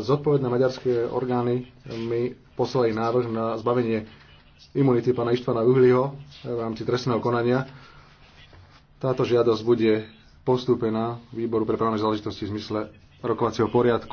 zodpovedné maďarské orgány mi poslali návrh na zbavenie imunity pána Ištvana Uhliho v rámci trestného konania. Táto žiadosť bude postúpená výboru pre právne záležitosti v zmysle rokovacieho poriadku.